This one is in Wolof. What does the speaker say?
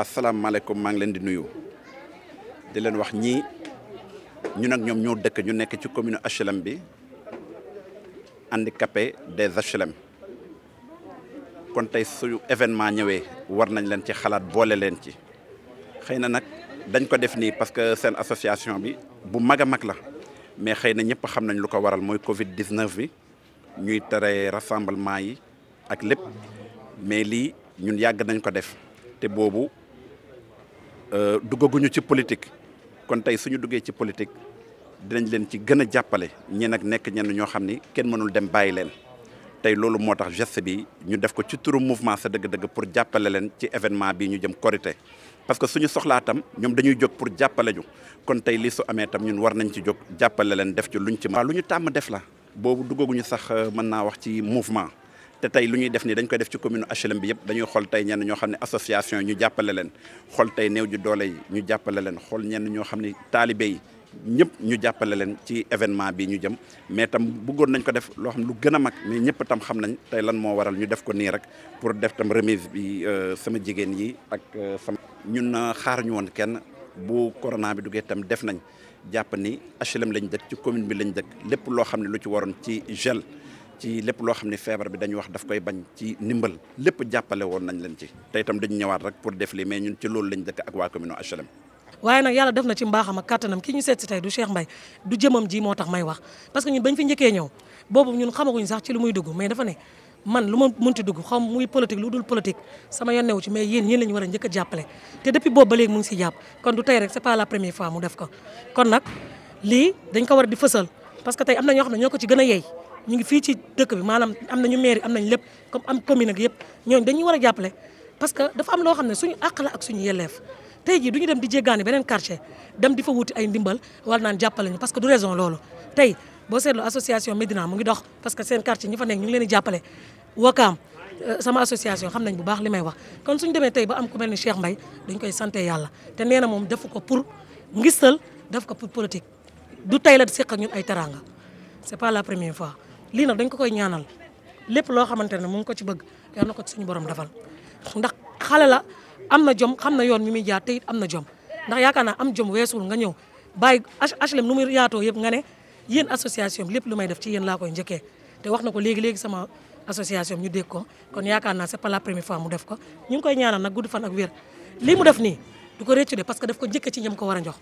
assalamu alaykum maa ngi leen di nuyu di leen wax ñi ñun ak ñom ñoo dëkk ñu nekk ci commune HLM bi handicapé des HLM kon tay suñu événement ñëwee war nañ leen ci xalaat boole leen ci xeyna nak dañ ko def ni parce que sen association bi bu maga a mag la mais xeyna na ñëpp xam nañ lu ko waral moy Covid 19 bi ñuy téré rassemblement yi ak lepp mais li ñun yag nañ ko def té bobu Euh, duggaguñu ci politique kon tey suñu duggee ci politique dinañ leen ci gën a jàppale ñi nag nekk ñenn ñoo xam ni kenn mënul dem bàyyi leen tey loolu moo tax geste bi ñu def ko ci turu mouvement sa dëgg-dëgg pour jàppale leen ci événement bi ñu jëm Korité parce que suñu soxlaa tam ñoom dañuy jóg pour jàppale ñu kon tey lii su amee tam ñun war nañ ci jóg jàppale leen def ci lu ñu ci. waaw lu ñu tàmm def la boobu duggaguñu sax euh, mën naa wax ci mouvement. te tey lu ñuy def nii dañ koy def ci commune HLM bi yëpp dañuy xool tey ñenn ñoo xam ne association ñu jàppale leen xool tey néew ju doole yi ñu jàppale leen xool ñenn ñoo xam ne taalibe yi ñëpp ñu jàppale leen ci événement bi ñu jëm mais tam bëggoon nañ ko def loo xam lu gën a mag mais ñëpp tam xam nañ tey lan moo waral ñu def ko nii rek pour def tam remise bi euh, sama jigéen yi ak euh, sama. ñun xaar ñu woon kenn bu corona bi duggee tam def nañ jàpp ni HLM lañ dëkk ci commune bi lañ dëkk lépp loo xam ne lu ci waroon ci gel. ci lépp loo xam ne feebar bi dañ wax daf koy bañ ci ndimbal lépp jàppale woon nañ leen ci tey tam dañu ñëwaat rek pour def li mais ñun ci loolu lañ dëkk ak waa commune HLM. waaye nag yàlla def na ci mbaaxam ak kattanam ki ñu seet si tey du Cheikh Mbaye du jëmam ji moo tax may wax parce que ñun bañ fi njëkkee ñëw boobu ñun xamaguñ sax ci lu muy dugg mais dafa ne man lu ma munti dugg xam muy politique lu dul politique sama yoon newu ci mais yéen ñii war a njëkk a jàppale te depuis ngi si jàpp kon du tey rek c'est pas la première fois ko kon lii dañ ko war a di parce que tey am na ñoo xam ñoo ko ci gën a yey ñu ngi fii ci dëkk bi maanaam am nañu mairie am nañ lépp comme am commune ak yëpp ñooñ dañuy war a jàppale parce que dafa am loo xam ne suñu àq la ak suñu yelleef tey jii du ñu dem di jéggaani beneen quartier dem di fa wut ay ndimbal wala naan jàppale ñu parce que du raison loolu tey boo seetloo association Médina mu ngi dox parce que seen quartier ñi fa nekk ñu ngi leen di jàppale wakaam euh, sama association xam nañ bu baax li may wax kon suñu demee tey ba am ku mel ni Cheikh Mbaye dañ koy santé yàlla te nee na moom defu ko pour ngistal def ko pour politique du tey la seq ak ay teraanga c'est pas la première fois lii nag dañ ko koy ñaanal lépp loo xamante ne mu ngi ko ci bëgg yal na ko ci suñu borom defal ndax xale la am na jom xam na yoon mi muy jaar te it am na jom ndax yaakaar naa am jom weesul nga ñëw bàyyi HLM nu muy yaatoo yëpp nga ne yéen association lépp lu may def ci yéen laa koy njëkkee te wax na ko léegi léegi sama association ñu dégg ko kon yaakaar naa c'est pas la première fois mu def ko ñu ngi koy ñaanal nag gudd fan ak wér lii mu def nii du ko réccu de parce que daf ko njëkkee ci ñam ko war a jox.